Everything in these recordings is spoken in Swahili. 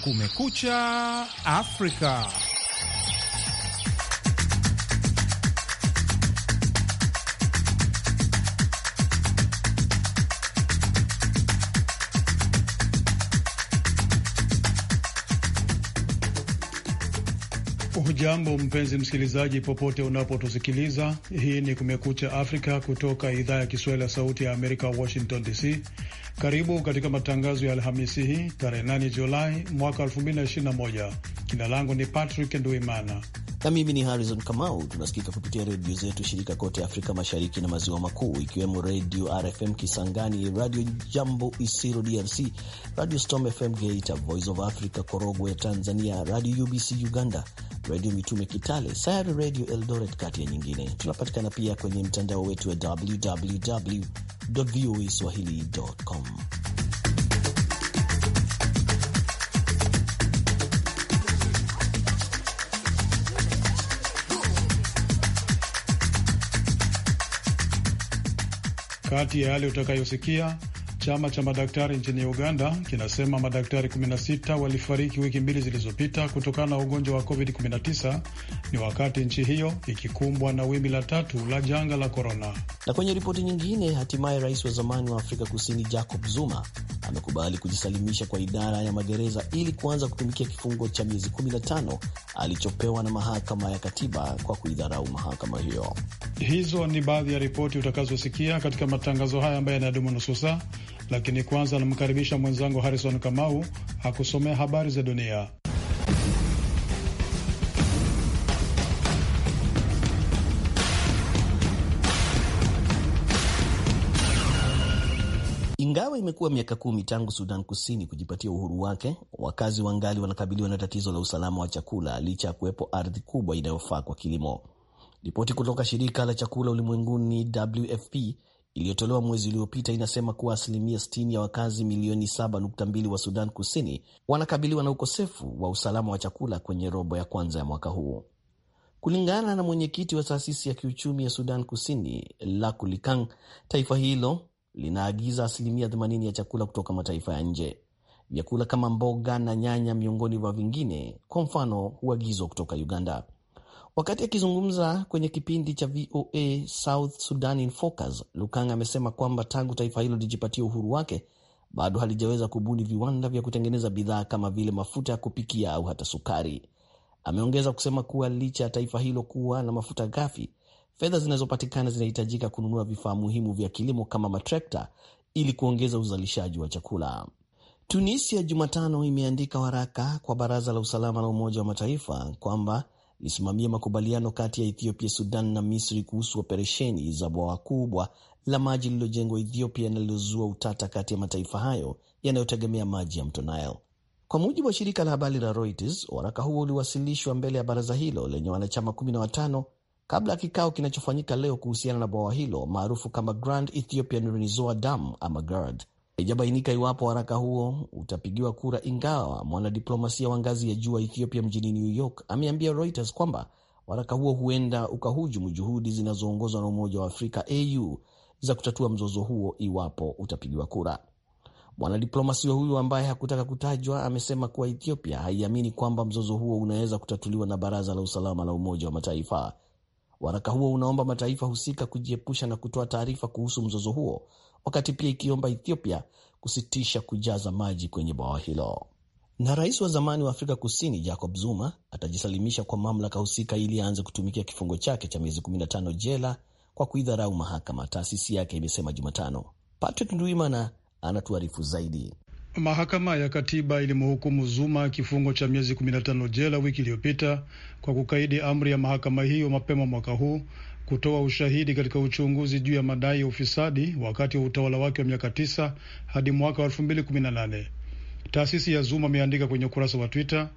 Kumekucha Afrika. Jambo mpenzi msikilizaji, popote unapotusikiliza. Hii ni Kumekucha Afrika kutoka idhaa ya Kiswahili ya Sauti ya Amerika, Washington DC. Karibu katika matangazo ya Alhamisi hii tarehe 8 Julai mwaka 2021. Jina langu ni Patrick Nduimana na mimi ni Harrison Kamau. Tunasikika kupitia redio zetu shirika kote Afrika Mashariki na Maziwa Makuu, ikiwemo Redio RFM Kisangani, Radio Jambo Isiro DRC, Radio Storm FM Geita, Voice of Africa Korogwe ya Tanzania, Radio UBC Uganda, Redio Mitume Kitale, Sayari Redio Eldoret, kati ya nyingine. Tunapatikana pia kwenye mtandao wetu wa www www.voaswahili.com. Kati ya yale utakayosikia Chama cha madaktari nchini Uganda kinasema madaktari 16 walifariki wiki mbili zilizopita kutokana na ugonjwa wa COVID-19. Ni wakati nchi hiyo ikikumbwa na wimbi la tatu la janga la korona. Na kwenye ripoti nyingine, hatimaye rais wa zamani wa Afrika Kusini Jacob Zuma amekubali kujisalimisha kwa idara ya magereza ili kuanza kutumikia kifungo cha miezi 15 alichopewa na mahakama ya katiba kwa kuidharau mahakama hiyo. Hizo ni baadhi ya ripoti utakazosikia katika matangazo haya ambayo yanadumu nusu saa, lakini kwanza anamkaribisha mwenzangu Harrison Kamau akusomea habari za dunia. Ingawa imekuwa miaka kumi tangu Sudan Kusini kujipatia uhuru wake, wakazi wangali wanakabiliwa na tatizo la usalama wa chakula licha ya kuwepo ardhi kubwa inayofaa kwa kilimo. Ripoti kutoka shirika la chakula ulimwenguni WFP iliyotolewa mwezi uliopita inasema kuwa asilimia 60 ya wakazi milioni 7.2 wa Sudan Kusini wanakabiliwa na ukosefu wa usalama wa chakula kwenye robo ya kwanza ya mwaka huu. Kulingana na mwenyekiti wa taasisi ya kiuchumi ya Sudan Kusini Lakulikang, taifa hilo linaagiza asilimia 80 ya chakula kutoka mataifa ya nje. Vyakula kama mboga na nyanya, miongoni mwa vingine, kwa mfano, huagizwa kutoka Uganda. Wakati akizungumza kwenye kipindi cha VOA South Sudan in Focus, Lukanga amesema kwamba tangu taifa hilo lijipatia uhuru wake bado halijaweza kubuni viwanda vya kutengeneza bidhaa kama vile mafuta ya kupikia au hata sukari. Ameongeza kusema kuwa licha ya taifa hilo kuwa na mafuta ghafi, Fedha zinazopatikana zinahitajika kununua vifaa muhimu vya kilimo kama matrekta ili kuongeza uzalishaji wa chakula. Tunisia Jumatano imeandika waraka kwa Baraza la Usalama la Umoja wa Mataifa kwamba lisimamia makubaliano kati ya Ethiopia, Sudan na Misri kuhusu operesheni za bwawa kubwa la maji lililojengwa Ethiopia na lilozua utata kati ya mataifa hayo yanayotegemea maji ya mto Nile. Kwa mujibu wa shirika la habari la Reuters, waraka huo uliwasilishwa mbele ya baraza hilo lenye wanachama 15 kabla ya kikao kinachofanyika leo kuhusiana na bwawa hilo maarufu kama Grand Ethiopian Renaissance Dam ama GERD. Haijabainika iwapo waraka huo utapigiwa kura, ingawa mwanadiplomasia wa ngazi ya juu wa Ethiopia mjini New York ameambia Reuters kwamba waraka huo huenda ukahujumu juhudi zinazoongozwa na Umoja wa Afrika au za kutatua mzozo huo iwapo utapigiwa kura. Mwanadiplomasia huyu ambaye hakutaka kutajwa amesema kuwa Ethiopia haiamini kwamba mzozo huo unaweza kutatuliwa na Baraza la Usalama la Umoja wa Mataifa Waraka huo unaomba mataifa husika kujiepusha na kutoa taarifa kuhusu mzozo huo, wakati pia ikiomba Ethiopia kusitisha kujaza maji kwenye bwawa hilo. Na rais wa zamani wa Afrika Kusini Jacob Zuma atajisalimisha kwa mamlaka husika ili aanze kutumikia kifungo chake cha miezi 15 jela kwa kuidharau mahakama, taasisi yake imesema Jumatano. Patrick Ndwimana anatuarifu zaidi. Mahakama ya Katiba ilimhukumu Zuma kifungo cha miezi 15 jela wiki iliyopita kwa kukaidi amri ya mahakama hiyo mapema mwaka huu kutoa ushahidi katika uchunguzi juu ya madai ya ufisadi wakati wa utawala wake wa miaka tisa hadi mwaka wa 2018. Taasisi ya Zuma ameandika kwenye ukurasa wa Twitter,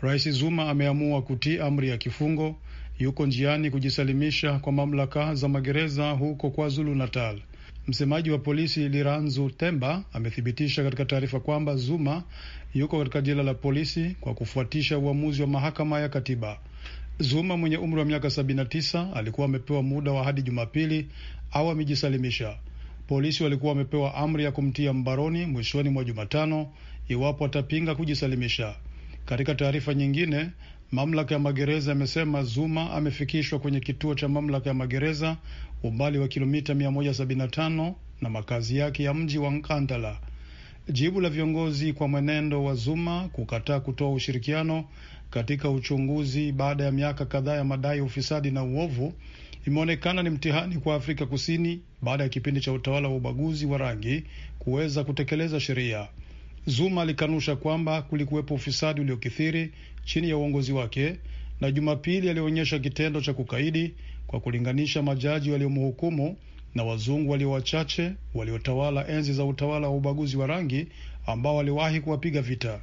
Rais Zuma ameamua kutii amri ya kifungo, yuko njiani kujisalimisha kwa mamlaka za magereza huko KwaZulu Natal. Msemaji wa polisi Liranzu Temba amethibitisha katika taarifa kwamba Zuma yuko katika jela la polisi kwa kufuatisha uamuzi wa mahakama ya katiba. Zuma mwenye umri wa miaka 79 alikuwa amepewa muda wa hadi Jumapili au amejisalimisha. Polisi walikuwa wamepewa amri ya kumtia mbaroni mwishoni mwa Jumatano iwapo atapinga kujisalimisha. Katika taarifa nyingine, Mamlaka ya magereza yamesema Zuma amefikishwa kwenye kituo cha mamlaka ya magereza umbali wa kilomita 175 na makazi yake ya mji wa Nkandala. Jibu la viongozi kwa mwenendo wa Zuma kukataa kutoa ushirikiano katika uchunguzi baada ya miaka kadhaa ya madai ya ufisadi na uovu imeonekana ni mtihani kwa Afrika Kusini baada ya kipindi cha utawala wa ubaguzi wa rangi kuweza kutekeleza sheria. Zuma alikanusha kwamba kulikuwepo ufisadi uliokithiri chini ya uongozi wake, na Jumapili alionyesha kitendo cha kukaidi kwa kulinganisha majaji waliomhukumu na wazungu walio wachache waliotawala enzi za utawala wa ubaguzi wa rangi ambao waliwahi kuwapiga vita.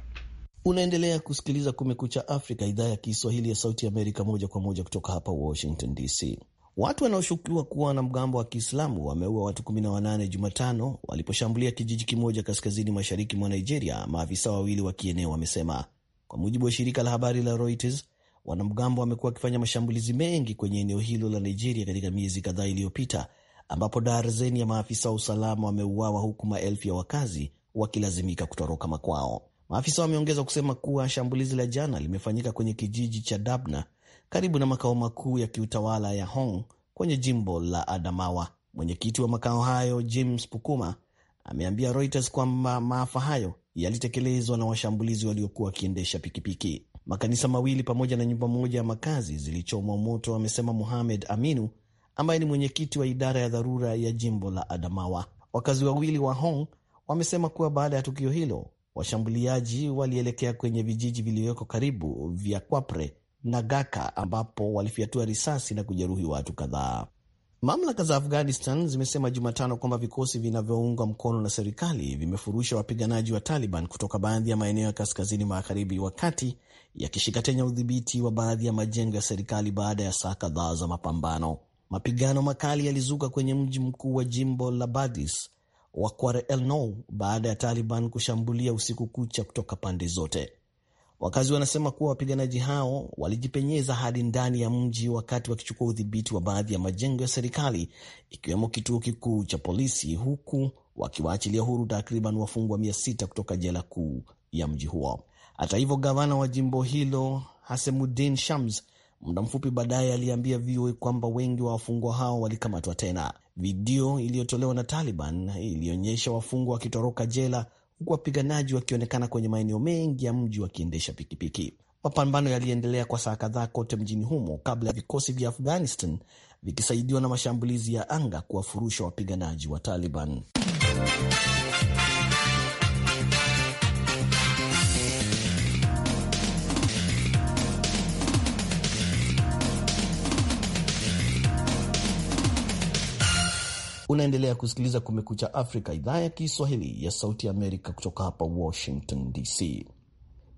Unaendelea kusikiliza Kumekucha Afrika, idhaa ya Kiswahili ya Sauti ya Amerika, moja kwa moja kutoka hapa Washington DC. Watu wanaoshukiwa kuwa wanamgambo wa Kiislamu wameua watu 18 Jumatano waliposhambulia kijiji kimoja kaskazini mashariki mwa Nigeria, maafisa wawili wa kieneo wamesema, kwa mujibu wa shirika la habari la Reuters. Wanamgambo wamekuwa wakifanya mashambulizi mengi kwenye eneo hilo la Nigeria katika miezi kadhaa iliyopita, ambapo darzeni ya maafisa wa usalama wameuawa huku maelfu ya wakazi wakilazimika kutoroka makwao. Maafisa wameongeza kusema kuwa shambulizi la jana limefanyika kwenye kijiji cha Dabna karibu na makao makuu ya kiutawala ya Hong kwenye jimbo la Adamawa. Mwenyekiti wa makao hayo James Pukuma ameambia Reuters kwamba maafa hayo yalitekelezwa na washambulizi waliokuwa wakiendesha pikipiki. Makanisa mawili pamoja na nyumba moja ya makazi zilichomwa moto, amesema muhamed Aminu ambaye ni mwenyekiti wa idara ya dharura ya jimbo la Adamawa. Wakazi wawili wa Hong wamesema kuwa baada ya tukio hilo washambuliaji walielekea kwenye vijiji vilivyoko karibu vya Kwapre Nagaka ambapo walifyatua risasi na kujeruhi watu kadhaa. Mamlaka za Afghanistan zimesema Jumatano kwamba vikosi vinavyoungwa mkono na serikali vimefurusha wapiganaji wa Taliban kutoka baadhi ya maeneo ya kaskazini magharibi, wakati yakishika tena udhibiti wa baadhi ya majengo ya serikali baada ya saa kadhaa za mapambano. Mapigano makali yalizuka kwenye mji mkuu wa jimbo la Badis wa Kware Elno baada ya Taliban kushambulia usiku kucha kutoka pande zote. Wakazi wanasema kuwa wapiganaji hao walijipenyeza hadi ndani ya mji wakati wakichukua udhibiti wa baadhi ya majengo ya serikali ikiwemo kituo kikuu cha polisi, huku wakiwaachilia huru takriban wafungwa mia sita kutoka jela kuu ya mji huo. Hata hivyo, gavana wa jimbo hilo Hasemudin Shams muda mfupi baadaye aliambia VOA kwamba wengi wa wafungwa hao walikamatwa tena. Video iliyotolewa na Taliban ilionyesha wafungwa wakitoroka jela huku wapiganaji wakionekana kwenye maeneo mengi ya mji wakiendesha pikipiki. Mapambano yaliendelea kwa saa kadhaa kote mjini humo kabla ya vikosi vya Afghanistan vikisaidiwa na mashambulizi ya anga kuwafurusha wapiganaji wa Taliban. Unaendelea kusikiliza Kumekucha Afrika, idhaa ya Kiswahili ya Sauti Amerika, kutoka hapa Washington DC.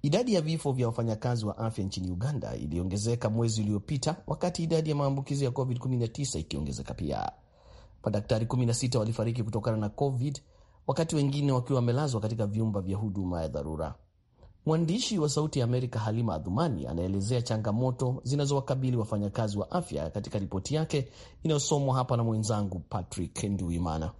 Idadi ya vifo vya wafanyakazi wa afya nchini Uganda iliongezeka mwezi uliopita, wakati idadi ya maambukizi ya COVID-19 ikiongezeka pia. Madaktari 16 walifariki kutokana na COVID, wakati wengine wakiwa wamelazwa katika vyumba vya huduma ya dharura. Mwandishi wa Sauti ya Amerika Halima Adhumani anaelezea changamoto zinazowakabili wafanyakazi wa afya katika ripoti yake inayosomwa hapa na mwenzangu Patrick Nduimana.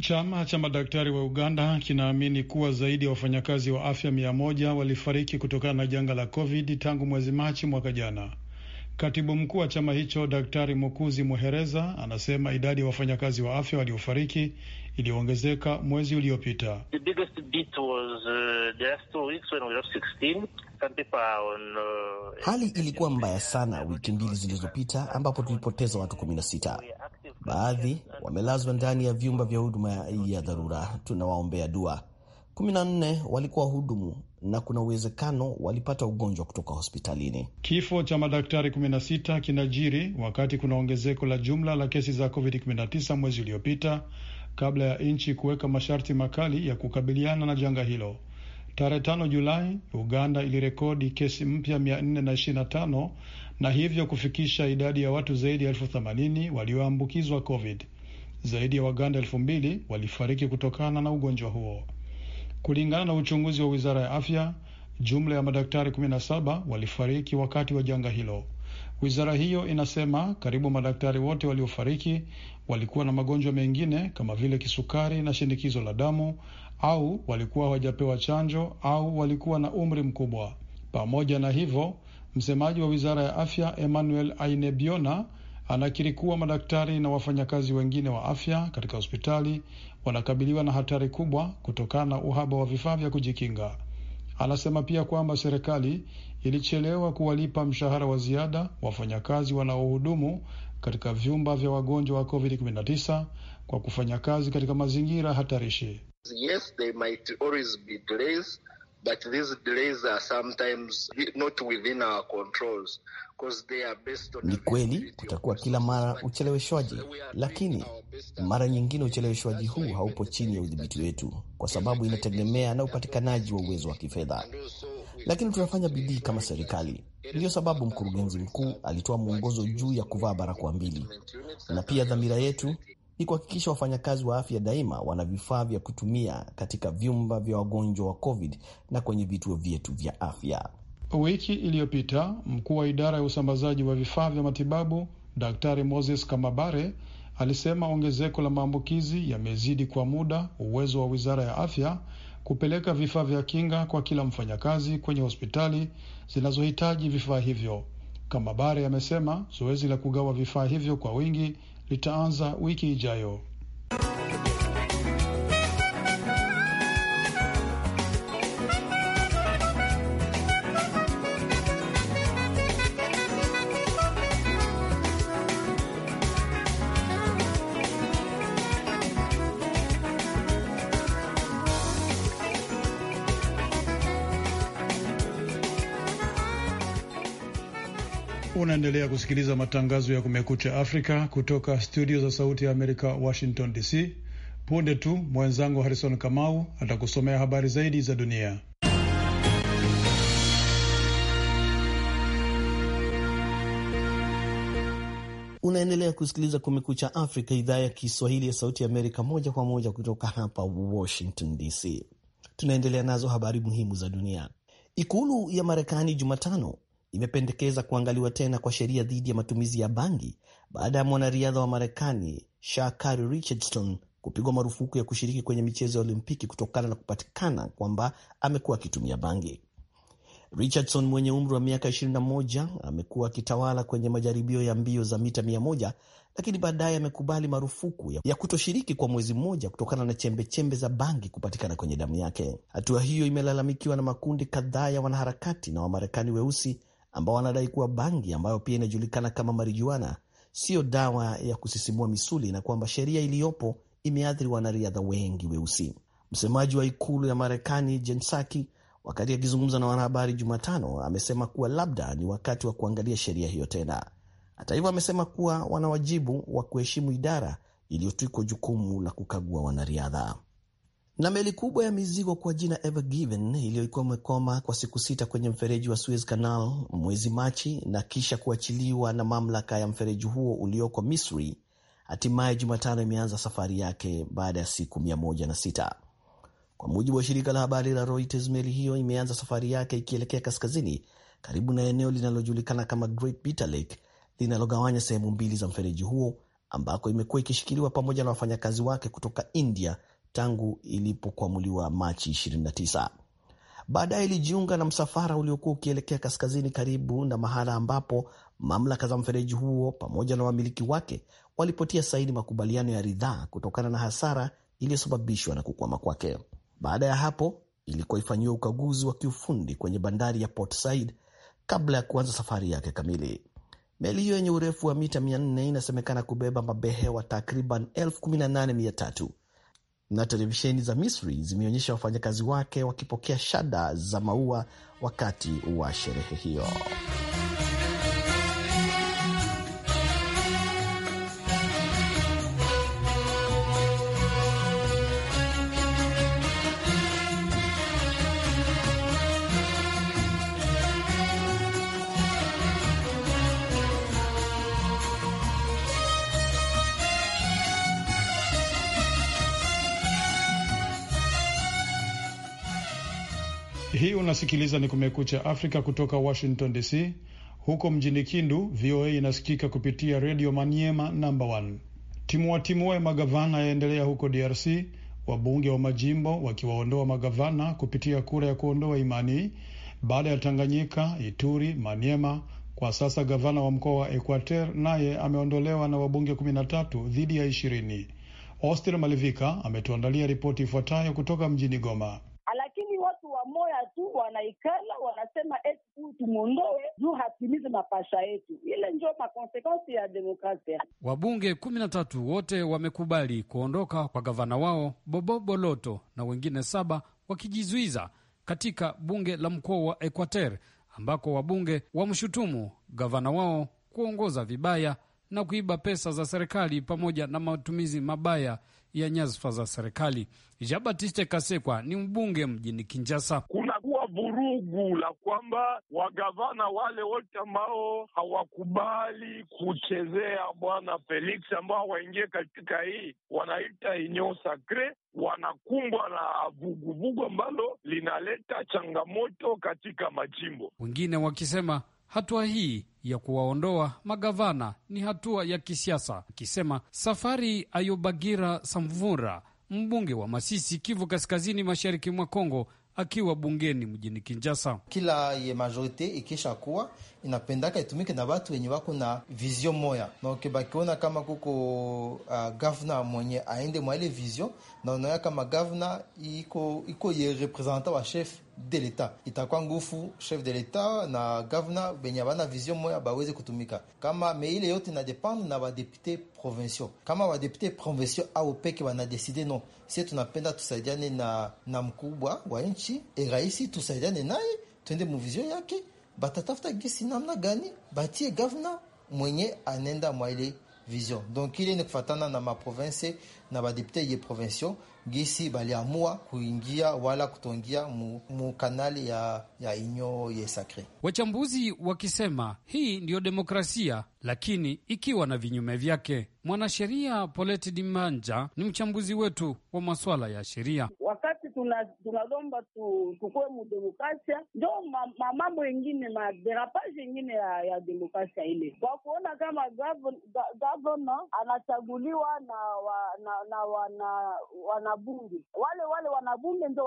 Chama cha madaktari wa Uganda kinaamini kuwa zaidi ya wafanyakazi wa afya mia moja walifariki kutokana na janga la COVID tangu mwezi Machi mwaka jana. Katibu mkuu wa chama hicho Daktari Mukuzi Muhereza anasema idadi ya wafanyakazi wa afya waliofariki iliyoongezeka mwezi uliopita. Uh, uh, Hali ilikuwa mbaya sana wiki mbili zilizopita, ambapo tulipoteza watu 16. Baadhi wamelazwa ndani ya vyumba vya huduma ya dharura, tunawaombea dua. 14 walikuwa hudumu na kuna uwezekano walipata ugonjwa kutoka hospitalini. Kifo cha madaktari 16 kinajiri wakati kuna ongezeko la jumla la kesi za COVID-19 mwezi uliopita kabla ya nchi kuweka masharti makali ya kukabiliana na janga hilo. Tarehe tano Julai, Uganda ilirekodi kesi mpya 425 na hivyo kufikisha idadi ya watu zaidi ya elfu themanini walioambukizwa COVID. Zaidi ya Waganda elfu mbili walifariki kutokana na ugonjwa huo, kulingana na uchunguzi wa wizara ya afya. Jumla ya madaktari 17 walifariki wakati wa janga hilo. Wizara hiyo inasema karibu madaktari wote waliofariki walikuwa na magonjwa mengine kama vile kisukari na shinikizo la damu, au walikuwa hawajapewa chanjo au walikuwa na umri mkubwa. Pamoja na hivyo, msemaji wa wizara ya afya Emmanuel Ainebiona anakiri kuwa madaktari na wafanyakazi wengine wa afya katika hospitali wanakabiliwa na hatari kubwa kutokana na uhaba wa vifaa vya kujikinga. Anasema pia kwamba serikali ilichelewa kuwalipa mshahara wa ziada wafanyakazi wanaohudumu katika vyumba vya wagonjwa wa COVID-19 kwa kufanya kazi katika mazingira hatarishi. Yes, they might always be delays, but these delays are sometimes not within our controls. Ni kweli kutakuwa kila mara ucheleweshwaji, lakini mara nyingine ucheleweshwaji huu haupo chini ya udhibiti wetu, kwa sababu inategemea na upatikanaji wa uwezo wa kifedha, lakini tunafanya bidii kama serikali. Ndiyo sababu mkurugenzi mkuu alitoa mwongozo juu ya kuvaa barakoa mbili, na pia dhamira yetu ni kuhakikisha wafanyakazi wa afya daima wana vifaa vya kutumia katika vyumba vya wagonjwa wa COVID na kwenye vituo vyetu vya afya. Wiki iliyopita mkuu wa idara ya usambazaji wa vifaa vya matibabu Daktari Moses Kamabare alisema ongezeko la maambukizi yamezidi kwa muda uwezo wa wizara ya afya kupeleka vifaa vya kinga kwa kila mfanyakazi kwenye hospitali zinazohitaji vifaa hivyo. Kamabare amesema zoezi la kugawa vifaa hivyo kwa wingi litaanza wiki ijayo. Unaendelea kusikiliza matangazo ya Kumekucha Afrika kutoka studio za Sauti ya Amerika, Washington DC. Punde tu mwenzangu Harrison Kamau atakusomea habari zaidi za dunia. Unaendelea kusikiliza Kumekucha Afrika, idhaa ya Kiswahili ya Sauti ya Amerika, moja kwa moja kutoka hapa Washington DC. Tunaendelea nazo habari muhimu za dunia. Ikulu ya Marekani Jumatano imependekeza kuangaliwa tena kwa sheria dhidi ya matumizi ya bangi baada ya mwanariadha wa Marekani Shakari Richardson kupigwa marufuku ya kushiriki kwenye michezo ya Olimpiki kutokana na kupatikana kwamba amekuwa akitumia bangi. Richardson mwenye umri wa miaka 21 amekuwa akitawala kwenye majaribio ya mbio za mita 100 lakini baadaye amekubali marufuku ya kutoshiriki kwa mwezi mmoja kutokana na chembechembe za bangi kupatikana kwenye damu yake. Hatua hiyo imelalamikiwa na makundi kadhaa ya wanaharakati na Wamarekani weusi ambao wanadai kuwa bangi ambayo pia inajulikana kama marijuana siyo dawa ya kusisimua misuli na kwamba sheria iliyopo imeathiri wanariadha wengi weusi. Msemaji wa ikulu ya Marekani Jen Psaki, wakati akizungumza na wanahabari Jumatano, amesema kuwa labda ni wakati wa kuangalia sheria hiyo tena. Hata hivyo, amesema kuwa wana wajibu wa kuheshimu idara iliyotwikwa jukumu la kukagua wanariadha na meli kubwa ya mizigo kwa jina Ever Given iliyokuwa imekoma kwa siku sita kwenye mfereji wa Suez Canal mwezi Machi na kisha kuachiliwa na mamlaka ya mfereji huo ulioko Misri, hatimaye Jumatano imeanza safari yake baada ya siku 106. Kwa mujibu wa shirika la habari la Reuters, meli hiyo imeanza safari yake ikielekea kaskazini karibu na eneo linalojulikana kama Great Bitter Lake linalogawanya sehemu mbili za mfereji huo ambako imekuwa ikishikiliwa pamoja na wafanyakazi wake kutoka India tangu ilipokwamuliwa Machi 29. Baadaye ilijiunga na msafara uliokuwa ukielekea kaskazini karibu na mahala ambapo mamlaka za mfereji huo pamoja na wamiliki wake walipotia saini makubaliano ya ridhaa kutokana na hasara iliyosababishwa na kukwama kwake. Baada ya hapo ilikuwa ifanyiwa ukaguzi wa kiufundi kwenye bandari ya Port Said kabla ya kuanza safari yake kamili. Meli hiyo yenye urefu wa mita 400 inasemekana kubeba mabehewa takriban 18300 na televisheni za Misri zimeonyesha wafanyakazi wake wakipokea shada za maua wakati wa sherehe hiyo. Hii unasikiliza ni Kumekucha Afrika kutoka Washington DC. Huko mjini Kindu, VOA inasikika kupitia redio Maniema namba 1. Timuatimue magavana yaendelea huko DRC, wabunge wa majimbo wakiwaondoa magavana kupitia kura ya kuondoa imani baada ya Tanganyika, Ituri, Maniema. Kwa sasa gavana wa mkoa wa Equateur naye ameondolewa na wabunge 13 dhidi ya 20. Oster Malivika ametuandalia ripoti ifuatayo kutoka mjini Goma watu wanaikala wanasema eti huyu tumwondoe juu hatimize mapasha yetu. Ile ndio makonsekansi ya demokrasia. Wabunge kumi na tatu wote wamekubali kuondoka kwa gavana wao Bobo Boloto na wengine saba wakijizuiza katika bunge la mkoa wa Equateur ambako wabunge wamshutumu gavana wao kuongoza vibaya na kuiba pesa za serikali pamoja na matumizi mabaya ya nyadhifa za serikali. Jean Baptiste Kasekwa ni mbunge mjini Kinshasa. Kuna vurugu la kwamba wagavana wale wote ambao hawakubali kuchezea bwana Felix ambao waingie katika hii wanaita inyo sakre wanakumbwa na vuguvugu ambalo linaleta changamoto katika majimbo, wengine wakisema hatua hii ya kuwaondoa magavana ni hatua ya kisiasa, akisema Safari Ayobagira Samvura, mbunge wa Masisi, Kivu Kaskazini, mashariki mwa Kongo, akiwa bungeni mjini kinjasa Kila ye majorite ikisha kuwa inapendaka itumike na watu wenye wako na vizio moya, donc bakiona kama kuko uh, ah, gavna mwenye aende mwa ile vizio, na unaya kama gavna iko iko ye representant wa chef de leta, itakuwa ngufu chef de leta na gavna benye bana vizio moya baweze kutumika kama meile yote, na inadepende na badepute provinciaux, kama badepute provinciaux au peke wana banadeside no, sie tunapenda tusaidiane na, na mkubwa wa nchi, e raisi tusaidiane naye tuende muvizio yake batatafuta gisi namna gani batie gavana mwenye anenda mwaile vision. Donc ile ni kufatana na maprovince na badepute ye provinciaux gisi baliamua kuingia wala kutongia mu, mu kanali ya, ya inyo ye sacre. Wachambuzi wakisema hii ndiyo demokrasia, lakini ikiwa na vinyume vyake. Mwanasheria Polet Dimanja ni mchambuzi wetu wa masuala ya sheria tunalomba tuna tukuwe mudemokrasia, ndo mamambo yengine maderapage yengine ya, ya demokrasia ile, kwa kuona kama gavana anachaguliwa na wana wanabunge wale wale wanabunge ndo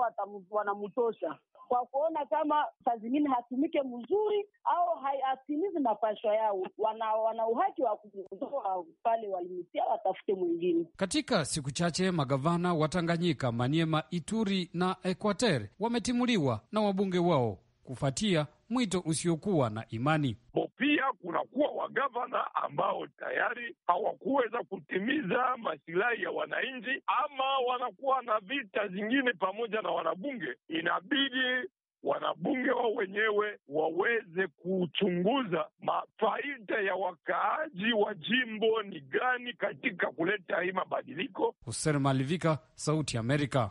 wanamtosha kwa kuona kama saa zingine hatumike mzuri au hatimizi mapashwa yao. Wana, wana uhaki wa kuzoa pale walimisia watafute mwingine. Katika siku chache magavana watanganyika Maniema, Ituri na Equateur wametimuliwa na wabunge wao kufuatia mwito usiokuwa na imani. Pia kunakuwa wagavana ambao tayari hawakuweza kutimiza masilahi ya wananchi, ama wanakuwa na vita zingine pamoja na wanabunge. Inabidi wanabunge wao wenyewe waweze kuchunguza mafaida ya wakaaji wa jimbo ni gani katika kuleta hii mabadiliko. Hussein Malivika, Sauti ya Amerika.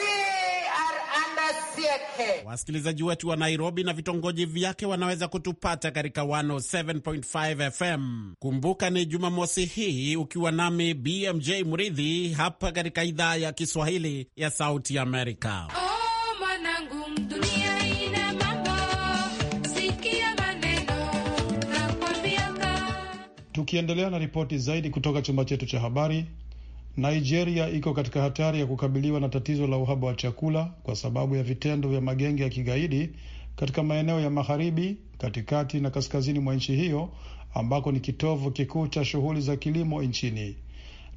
yake. Wasikilizaji wetu wa Nairobi na vitongoji vyake wanaweza kutupata katika 107.5 FM. Kumbuka ni Jumamosi hii ukiwa nami BMJ Mridhi hapa katika idhaa ya Kiswahili ya Sauti Amerika. Oh, Tukiendelea na ripoti zaidi kutoka chumba chetu cha habari, Nigeria iko katika hatari ya kukabiliwa na tatizo la uhaba wa chakula kwa sababu ya vitendo vya magenge ya kigaidi katika maeneo ya magharibi, katikati na kaskazini mwa nchi hiyo ambako ni kitovu kikuu cha shughuli za kilimo nchini.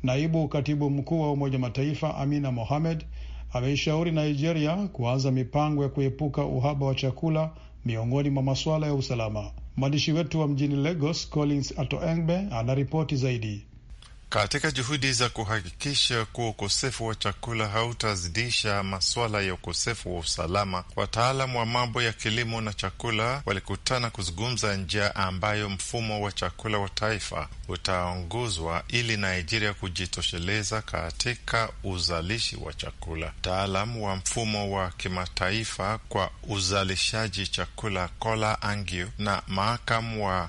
Naibu katibu mkuu wa Umoja Mataifa Amina Mohamed ameishauri Nigeria kuanza mipango ya kuepuka uhaba wa chakula miongoni mwa masuala ya usalama. Mwandishi wetu wa mjini Lagos Collins Atoengbe anaripoti zaidi katika juhudi za kuhakikisha kuwa ukosefu wa chakula hautazidisha masuala ya ukosefu wa usalama, wataalam wa mambo ya kilimo na chakula walikutana kuzungumza njia ambayo mfumo wa chakula wa taifa utaongozwa ili Nigeria kujitosheleza katika uzalishi wa chakula. Mtaalam wa mfumo wa kimataifa kwa uzalishaji chakula Kola Angio na makamu wa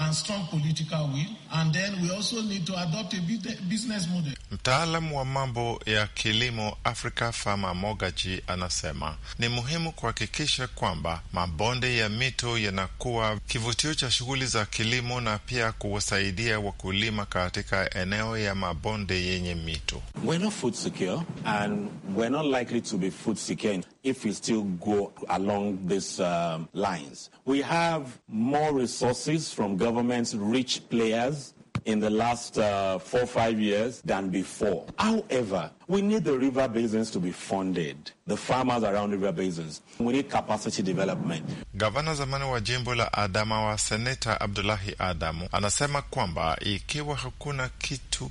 and strong political will and then we also need to adopt a business model. Mtaalamu wa mambo ya kilimo Africa Farmer Mogaji anasema ni muhimu kuhakikisha kwamba mabonde ya mito yanakuwa kivutio cha shughuli za kilimo na pia kuwasaidia wakulima katika eneo ya mabonde yenye mito. We're not food secure and we're not likely to be food secure if we still go along these um, lines. We have more resources from governments, rich players, in the last uh, four five years than before. However, we need the river basins to be funded, the farmers around river basins. We need capacity development. Gavana zamani wa jimbo la Adamawa, Senator Abdullahi Adamu, anasema kwamba ikiwa hakuna kitu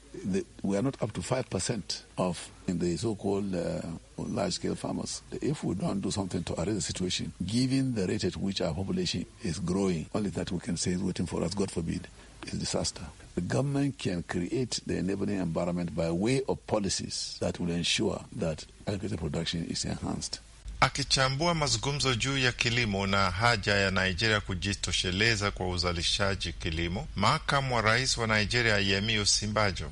The, we are not up to 5% of the so-called uh, large-scale farmers. If we don't do something to arrest the situation, given the rate at which our population is growing, only that we can say is waiting for us, God forbid, is disaster. The government can create the enabling environment by way of policies that will ensure that agriculture production is enhanced. Akichambua mazungumzo juu ya kilimo na haja ya Nigeria kujitosheleza kwa uzalishaji kilimo, makamu wa rais wa Nigeria Yemi Osinbajo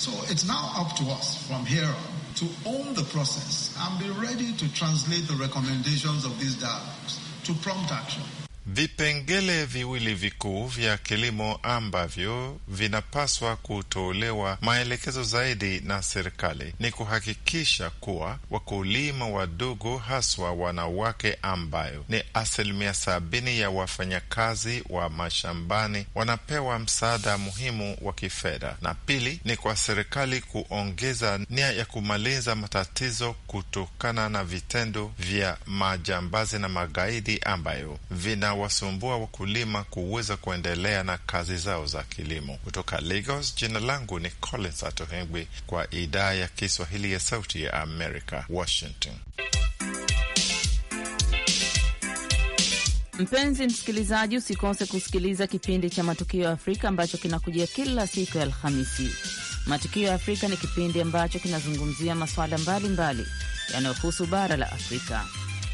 So it's now up to us from here on to own the process and be ready to translate the recommendations of these dialogues to prompt action. vipengele viwili vikuu vya kilimo ambavyo vinapaswa kutolewa maelekezo zaidi na serikali ni kuhakikisha kuwa wakulima wadogo, haswa wanawake, ambayo ni asilimia sabini ya wafanyakazi wa mashambani, wanapewa msaada muhimu wa kifedha, na pili ni kwa serikali kuongeza nia ya kumaliza matatizo kutokana na vitendo vya majambazi na magaidi ambayo vina inawasumbua wakulima kuweza kuendelea na kazi zao za kilimo. Kutoka Lagos, jina langu ni Collins Atohengwi kwa idhaa ya Kiswahili ya Sauti ya Amerika, Washington. Mpenzi msikilizaji, usikose kusikiliza kipindi cha Matukio ya Afrika ambacho kinakujia kila siku ya Alhamisi. Matukio ya Afrika ni kipindi ambacho kinazungumzia masuala mbalimbali yanayohusu bara la Afrika.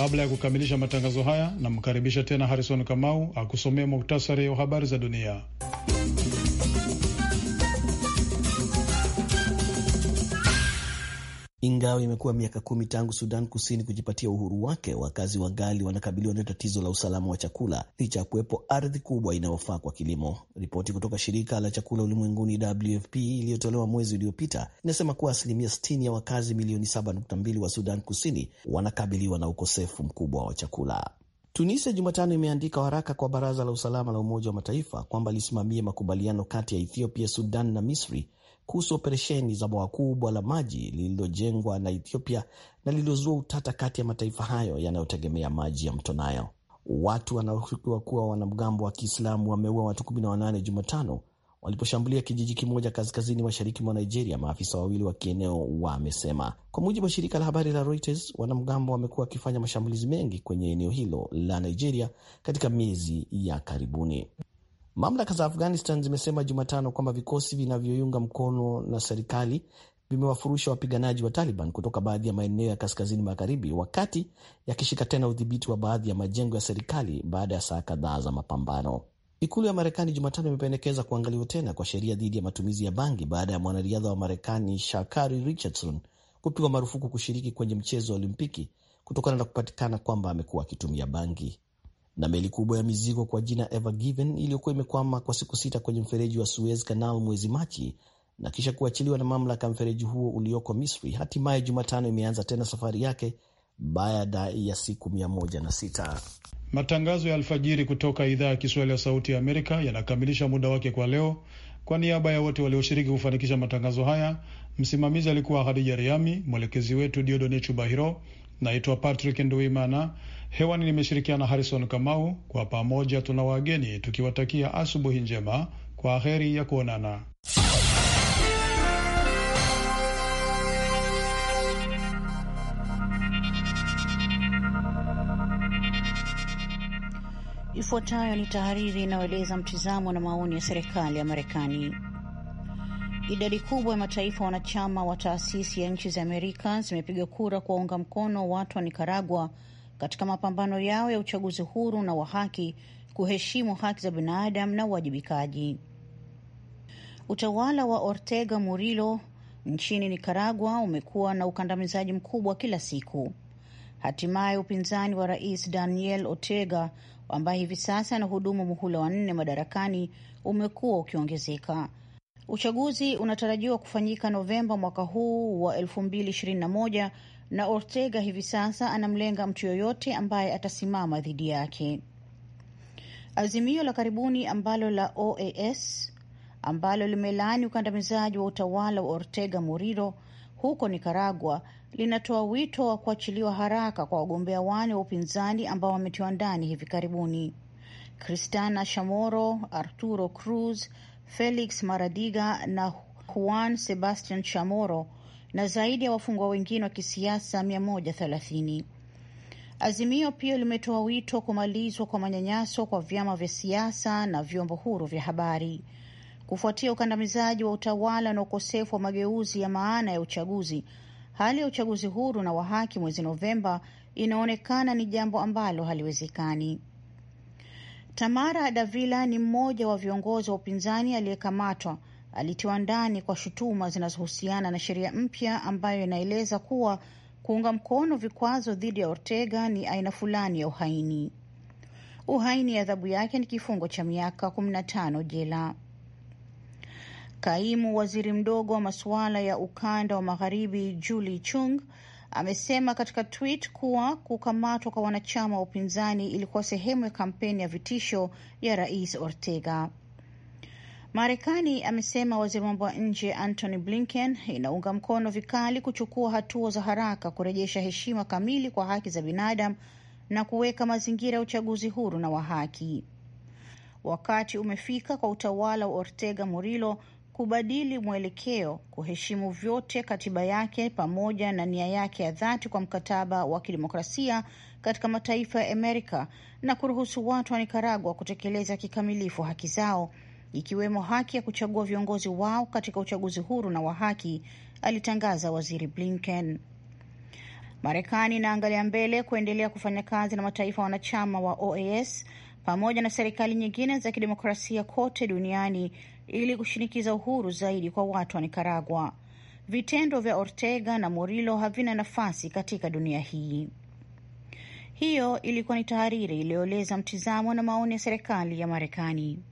Kabla ya kukamilisha matangazo haya, namkaribisha tena Harrison Kamau akusomea muktasari wa habari za dunia. Ingawa imekuwa miaka kumi tangu Sudan Kusini kujipatia uhuru wake, wakazi wa Gali wanakabiliwa na tatizo la usalama wa chakula licha ya kuwepo ardhi kubwa inayofaa kwa kilimo. Ripoti kutoka shirika la chakula ulimwenguni WFP iliyotolewa mwezi uliopita inasema kuwa asilimia 60 ya wakazi milioni 7.2 wa Sudan Kusini wanakabiliwa na ukosefu mkubwa wa chakula. Tunisia Jumatano imeandika waraka kwa Baraza la Usalama la Umoja wa Mataifa kwamba lisimamie makubaliano kati ya Ethiopia, Sudan na Misri kuhusu operesheni za bwawa kubwa la maji lililojengwa na Ethiopia na lililozua utata kati ya mataifa hayo yanayotegemea maji ya mto Nile. Watu wanaoshukiwa kuwa wanamgambo wa Kiislamu wameua watu 18 Jumatano waliposhambulia kijiji kimoja kaskazini mashariki mwa Nigeria, maafisa wawili wa kieneo wamesema, kwa mujibu wa shirika la habari la Reuters. Wanamgambo wamekuwa wakifanya mashambulizi mengi kwenye eneo hilo la Nigeria katika miezi ya karibuni. Mamlaka za Afghanistan zimesema Jumatano kwamba vikosi vinavyoiunga mkono na serikali vimewafurusha wapiganaji wa Taliban kutoka baadhi ya maeneo ya kaskazini magharibi, wakati yakishika tena udhibiti wa baadhi ya majengo ya serikali baada ya saa kadhaa za mapambano. Ikulu ya Marekani Jumatano imependekeza kuangaliwa tena kwa sheria dhidi ya matumizi ya bangi baada ya mwanariadha wa Marekani Shakari Richardson kupigwa marufuku kushiriki kwenye mchezo wa Olimpiki kutokana na kupatikana kwamba amekuwa akitumia bangi na meli kubwa ya mizigo kwa jina Ever Given iliyokuwa imekwama kwa siku sita kwenye mfereji wa Suez Canal mwezi Machi na kisha kuachiliwa na mamlaka ya mfereji huo ulioko Misri, hatimaye Jumatano imeanza tena safari yake baada ya siku 106. Matangazo ya alfajiri kutoka idhaa ya Kiswahili ya Sauti ya Amerika yanakamilisha muda wake kwa leo. Kwa niaba ya wote walioshiriki kufanikisha matangazo haya, msimamizi alikuwa Hadija Riami, mwelekezi wetu Diodone Chubahiro. Naitwa Patrick Nduimana. Hewani nimeshirikiana Harrison Kamau. Kwa pamoja tuna wageni tukiwatakia asubuhi njema, kwa heri ya kuonana. Ifuatayo ni tahariri inayoeleza mtizamo na maoni ya serikali ya Marekani. Idadi kubwa ya mataifa wanachama wa taasisi ya nchi za Amerika zimepiga kura kuwaunga mkono watu wa Nikaragua katika mapambano yao ya uchaguzi huru na wa haki, kuheshimu haki za binadamu na uwajibikaji. Utawala wa Ortega Murillo nchini Nikaragua umekuwa na ukandamizaji mkubwa kila siku. Hatimaye upinzani wa rais Daniel Ortega ambaye hivi sasa anahudumu muhula wa nne madarakani umekuwa ukiongezeka. Uchaguzi unatarajiwa kufanyika Novemba mwaka huu wa 2021 na Ortega hivi sasa anamlenga mtu yoyote ambaye atasimama dhidi yake. Azimio la karibuni ambalo la OAS ambalo limelaani ukandamizaji wa utawala wa Ortega moriro huko Nikaragua linatoa wito wa kuachiliwa haraka kwa wagombea wane wa upinzani ambao wametiwa ndani hivi karibuni: Cristana Chamorro, Arturo Cruz, Felix Maradiga na Juan Sebastian Chamorro na zaidi ya wafungwa wengine wa kisiasa 130. Azimio pia limetoa wito kumalizwa kwa manyanyaso kwa vyama vya siasa na vyombo huru vya habari kufuatia ukandamizaji wa utawala na ukosefu wa mageuzi ya maana ya uchaguzi. Hali ya uchaguzi huru na wa haki mwezi Novemba inaonekana ni jambo ambalo haliwezekani. Tamara Davila ni mmoja wa viongozi wa upinzani aliyekamatwa alitiwa ndani kwa shutuma zinazohusiana na sheria mpya ambayo inaeleza kuwa kuunga mkono vikwazo dhidi ya Ortega ni aina fulani ya uhaini. Uhaini adhabu yake ni kifungo cha miaka kumi na tano jela. Kaimu waziri mdogo wa masuala ya ukanda wa magharibi Julie Chung amesema katika tweet kuwa kukamatwa kwa wanachama wa upinzani ilikuwa sehemu ya kampeni ya vitisho ya rais Ortega. Marekani amesema waziri mambo wa nje Antony Blinken inaunga mkono vikali kuchukua hatua za haraka kurejesha heshima kamili kwa haki za binadamu na kuweka mazingira ya uchaguzi huru na wa haki. Wakati umefika kwa utawala wa Ortega Murillo kubadili mwelekeo, kuheshimu vyote katiba yake pamoja na nia yake ya dhati kwa mkataba wa kidemokrasia katika mataifa ya Amerika na kuruhusu watu wa Nikaragua kutekeleza kikamilifu haki zao ikiwemo haki ya kuchagua viongozi wao katika uchaguzi huru na wa haki, alitangaza Waziri Blinken. Marekani inaangalia mbele kuendelea kufanya kazi na mataifa wanachama wa OAS pamoja na serikali nyingine za kidemokrasia kote duniani ili kushinikiza uhuru zaidi kwa watu wa Nikaragua. Vitendo vya Ortega na Murillo havina nafasi katika dunia hii. Hiyo ilikuwa ni tahariri iliyoeleza mtizamo na maoni ya serikali ya Marekani.